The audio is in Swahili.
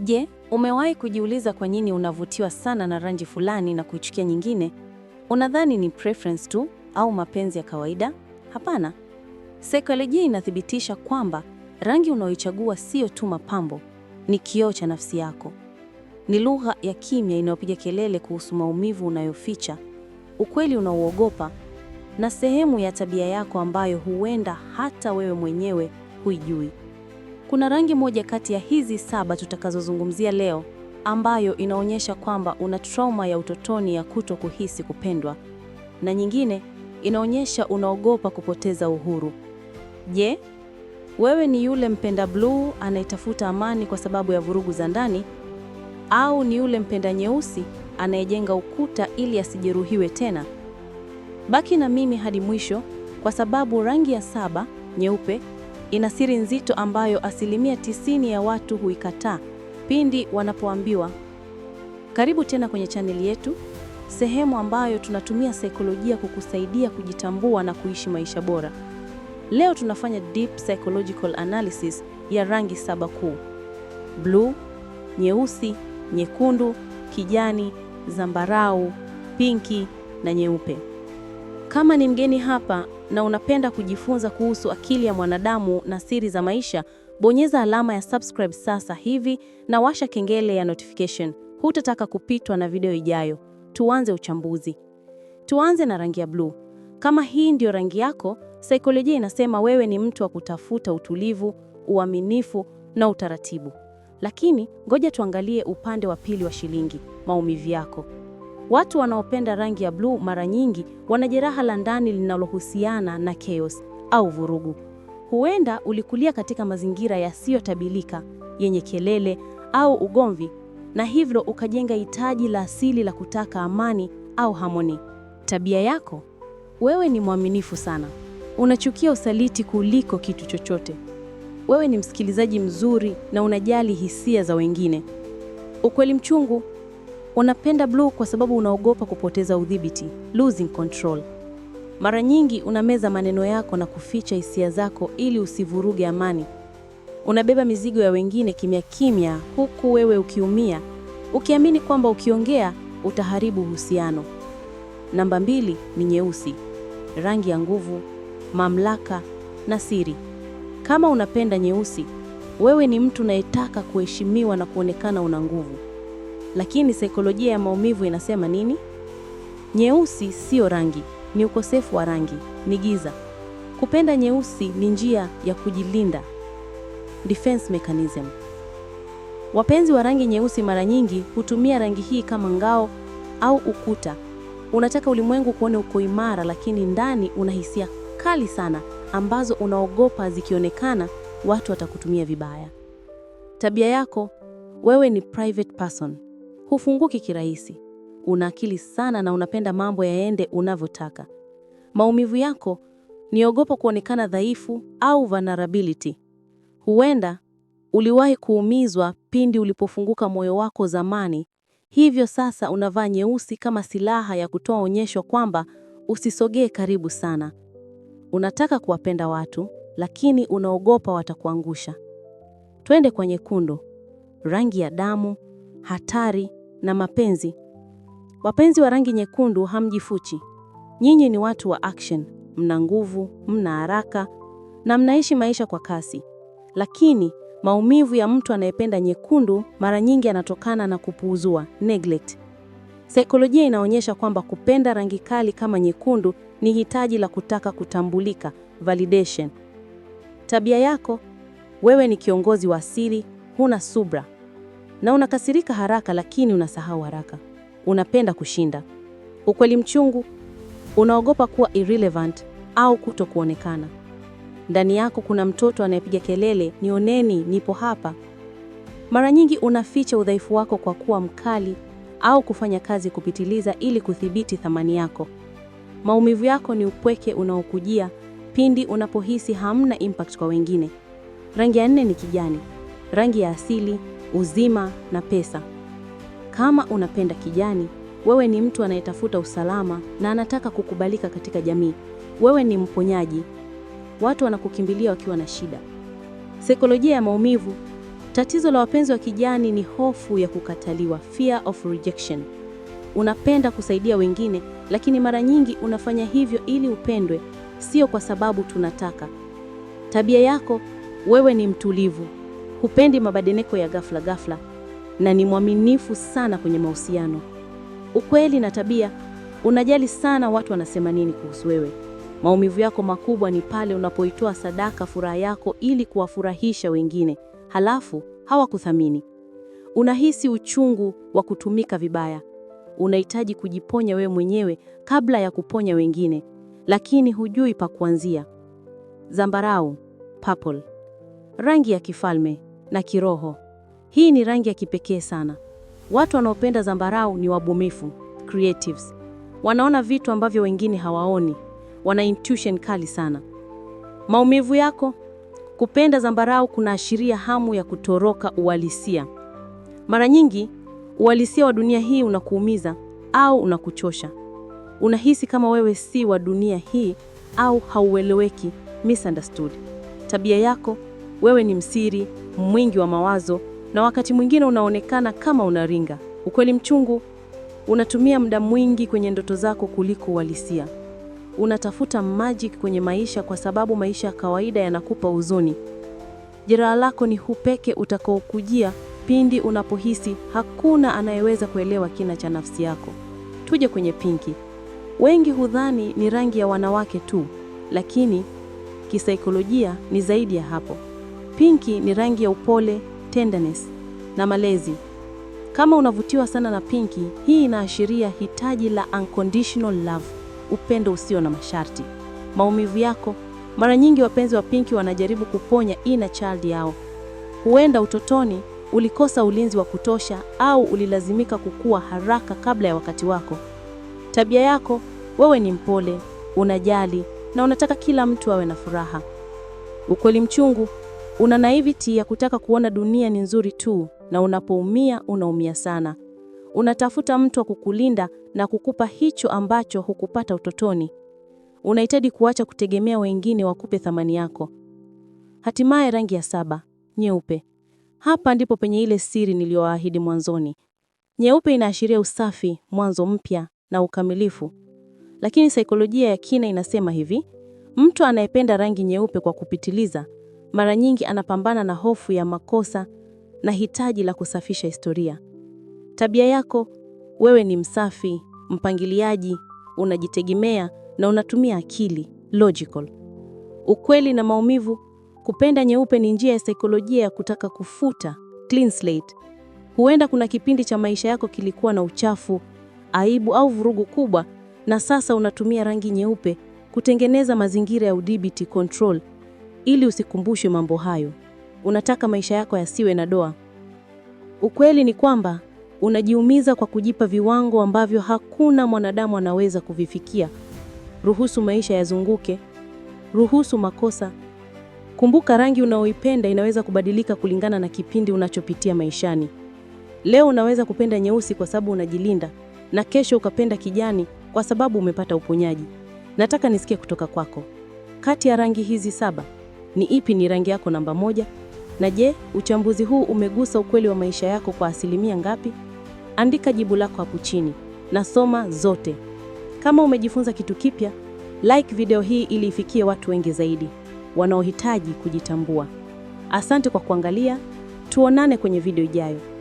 Je, umewahi kujiuliza kwa nini unavutiwa sana na rangi fulani na kuichukia nyingine? Unadhani ni preference tu au mapenzi ya kawaida? Hapana. Saikolojia inathibitisha kwamba rangi unaoichagua sio tu mapambo, ni kioo cha nafsi yako. Ni lugha ya kimya inayopiga kelele kuhusu maumivu unayoficha, ukweli unaouogopa, na sehemu ya tabia yako ambayo huenda hata wewe mwenyewe huijui. Kuna rangi moja kati ya hizi saba tutakazozungumzia leo ambayo inaonyesha kwamba una trauma ya utotoni ya kuto kuhisi kupendwa, na nyingine inaonyesha unaogopa kupoteza uhuru. Je, wewe ni yule mpenda bluu anayetafuta amani kwa sababu ya vurugu za ndani, au ni yule mpenda nyeusi anayejenga ukuta ili asijeruhiwe tena? Baki na mimi hadi mwisho, kwa sababu rangi ya saba nyeupe ina siri nzito ambayo asilimia tisini ya watu huikataa pindi wanapoambiwa. Karibu tena kwenye chaneli yetu, sehemu ambayo tunatumia saikolojia kukusaidia kujitambua na kuishi maisha bora. Leo tunafanya deep psychological analysis ya rangi saba kuu: bluu, nyeusi, nyekundu, kijani, zambarau, pinki na nyeupe. Kama ni mgeni hapa na unapenda kujifunza kuhusu akili ya mwanadamu na siri za maisha, bonyeza alama ya subscribe sasa hivi na washa kengele ya notification. Hutataka kupitwa na video ijayo. Tuanze uchambuzi. Tuanze na rangi ya bluu. Kama hii ndiyo rangi yako, saikolojia inasema wewe ni mtu wa kutafuta utulivu, uaminifu na utaratibu. Lakini ngoja tuangalie upande wa pili wa shilingi, maumivu yako. Watu wanaopenda rangi ya bluu mara nyingi wana jeraha la ndani linalohusiana na chaos au vurugu. Huenda ulikulia katika mazingira yasiyotabilika yenye kelele au ugomvi, na hivyo ukajenga hitaji la asili la kutaka amani au harmony. Tabia yako: wewe ni mwaminifu sana, unachukia usaliti kuliko kitu chochote. Wewe ni msikilizaji mzuri na unajali hisia za wengine. Ukweli mchungu Unapenda bluu kwa sababu unaogopa kupoteza udhibiti, losing control. Mara nyingi unameza maneno yako na kuficha hisia zako ili usivuruge amani. Unabeba mizigo ya wengine kimya kimya, huku wewe ukiumia, ukiamini kwamba ukiongea utaharibu uhusiano. Namba mbili ni nyeusi, rangi ya nguvu, mamlaka na siri. Kama unapenda nyeusi, wewe ni mtu unayetaka kuheshimiwa na kuonekana una nguvu. Lakini saikolojia ya maumivu inasema nini? Nyeusi siyo rangi, ni ukosefu wa rangi, ni giza. Kupenda nyeusi ni njia ya kujilinda, defense mechanism. Wapenzi wa rangi nyeusi mara nyingi hutumia rangi hii kama ngao au ukuta. Unataka ulimwengu kuone uko imara, lakini ndani una hisia kali sana ambazo unaogopa zikionekana watu watakutumia vibaya. Tabia yako wewe ni private person hufunguki kirahisi. Una akili sana na unapenda mambo yaende unavyotaka. Maumivu yako niogopa kuonekana dhaifu au vulnerability. Huenda uliwahi kuumizwa pindi ulipofunguka moyo wako zamani, hivyo sasa unavaa nyeusi kama silaha ya kutoa onyesho kwamba usisogee karibu sana. Unataka kuwapenda watu, lakini unaogopa watakuangusha. Twende kwa nyekundu, rangi ya damu, hatari na mapenzi. Wapenzi wa rangi nyekundu hamjifuchi. Nyinyi ni watu wa action, mna nguvu, mna haraka na mnaishi maisha kwa kasi. Lakini maumivu ya mtu anayependa nyekundu mara nyingi yanatokana na kupuuzua, neglect. Saikolojia inaonyesha kwamba kupenda rangi kali kama nyekundu ni hitaji la kutaka kutambulika, validation. Tabia yako, wewe ni kiongozi wa siri, huna subra na unakasirika haraka, lakini unasahau haraka. Unapenda kushinda. Ukweli mchungu, unaogopa kuwa irrelevant au kuto kuonekana. Ndani yako kuna mtoto anayepiga kelele, nioneni, nipo hapa. Mara nyingi unaficha udhaifu wako kwa kuwa mkali au kufanya kazi kupitiliza ili kudhibiti thamani yako. Maumivu yako ni upweke unaokujia pindi unapohisi hamna impact kwa wengine. Rangi ya nne ni kijani, rangi ya asili uzima na pesa. Kama unapenda kijani, wewe ni mtu anayetafuta usalama na anataka kukubalika katika jamii. Wewe ni mponyaji, watu wanakukimbilia wakiwa na shida. Saikolojia ya maumivu. Tatizo la wapenzi wa kijani ni hofu ya kukataliwa, fear of rejection. Unapenda kusaidia wengine, lakini mara nyingi unafanya hivyo ili upendwe, sio kwa sababu tunataka. Tabia yako, wewe ni mtulivu hupendi mabadiliko ya ghafla ghafla na ni mwaminifu sana kwenye mahusiano, ukweli na tabia. Unajali sana watu wanasema nini kuhusu wewe. Maumivu yako makubwa ni pale unapoitoa sadaka furaha yako ili kuwafurahisha wengine, halafu hawakuthamini. Unahisi uchungu wa kutumika vibaya. Unahitaji kujiponya wewe mwenyewe kabla ya kuponya wengine, lakini hujui pa kuanzia. Zambarau, purple, rangi ya kifalme na kiroho. Hii ni rangi ya kipekee sana. Watu wanaopenda zambarau ni wabunifu, creatives. Wanaona vitu ambavyo wengine hawaoni, wana intuition kali sana. Maumivu yako, kupenda zambarau kunaashiria hamu ya kutoroka uhalisia. Mara nyingi uhalisia wa dunia hii unakuumiza au unakuchosha. Unahisi kama wewe si wa dunia hii au haueleweki, misunderstood. Tabia yako, wewe ni msiri mwingi wa mawazo, na wakati mwingine unaonekana kama unaringa. Ukweli mchungu, unatumia muda mwingi kwenye ndoto zako kuliko uhalisia. Unatafuta magic kwenye maisha kwa sababu maisha ya kawaida yanakupa huzuni. Jeraha lako ni hupeke utakaokujia pindi unapohisi hakuna anayeweza kuelewa kina cha nafsi yako. Tuje kwenye pinki. Wengi hudhani ni rangi ya wanawake tu, lakini kisaikolojia ni zaidi ya hapo. Pinki ni rangi ya upole, tenderness na malezi. Kama unavutiwa sana na pinki, hii inaashiria hitaji la unconditional love, upendo usio na masharti. Maumivu yako, mara nyingi wapenzi wa pinki wanajaribu kuponya inner child yao. Huenda utotoni ulikosa ulinzi wa kutosha au ulilazimika kukua haraka kabla ya wakati wako. Tabia yako, wewe ni mpole, unajali na unataka kila mtu awe na furaha. Ukweli mchungu Una naiviti ya kutaka kuona dunia ni nzuri tu, na unapoumia unaumia sana. Unatafuta mtu wa kukulinda na kukupa hicho ambacho hukupata utotoni. Unahitaji kuacha kutegemea wengine wakupe thamani yako. Hatimaye, rangi ya saba, nyeupe. Hapa ndipo penye ile siri niliyoahidi mwanzoni. Nyeupe inaashiria usafi, mwanzo mpya na ukamilifu. Lakini saikolojia ya kina inasema hivi: mtu anayependa rangi nyeupe kwa kupitiliza mara nyingi anapambana na hofu ya makosa na hitaji la kusafisha historia. Tabia yako wewe ni msafi, mpangiliaji, unajitegemea na unatumia akili logical. Ukweli na maumivu, kupenda nyeupe ni njia ya saikolojia ya kutaka kufuta clean slate. Huenda kuna kipindi cha maisha yako kilikuwa na uchafu, aibu au vurugu kubwa, na sasa unatumia rangi nyeupe kutengeneza mazingira ya udhibiti control ili usikumbushwe mambo hayo. Unataka maisha yako yasiwe na doa. Ukweli ni kwamba unajiumiza kwa kujipa viwango ambavyo hakuna mwanadamu anaweza kuvifikia. Ruhusu maisha yazunguke, ruhusu makosa. Kumbuka, rangi unaoipenda inaweza kubadilika kulingana na kipindi unachopitia maishani. Leo unaweza kupenda nyeusi kwa sababu unajilinda, na kesho ukapenda kijani kwa sababu umepata uponyaji. Nataka nisikie kutoka kwako, kati ya rangi hizi saba ni ipi ni rangi yako namba moja? Na je, uchambuzi huu umegusa ukweli wa maisha yako kwa asilimia ngapi? Andika jibu lako hapo chini. na soma zote. Kama umejifunza kitu kipya, like video hii ili ifikie watu wengi zaidi wanaohitaji kujitambua. Asante kwa kuangalia. Tuonane kwenye video ijayo.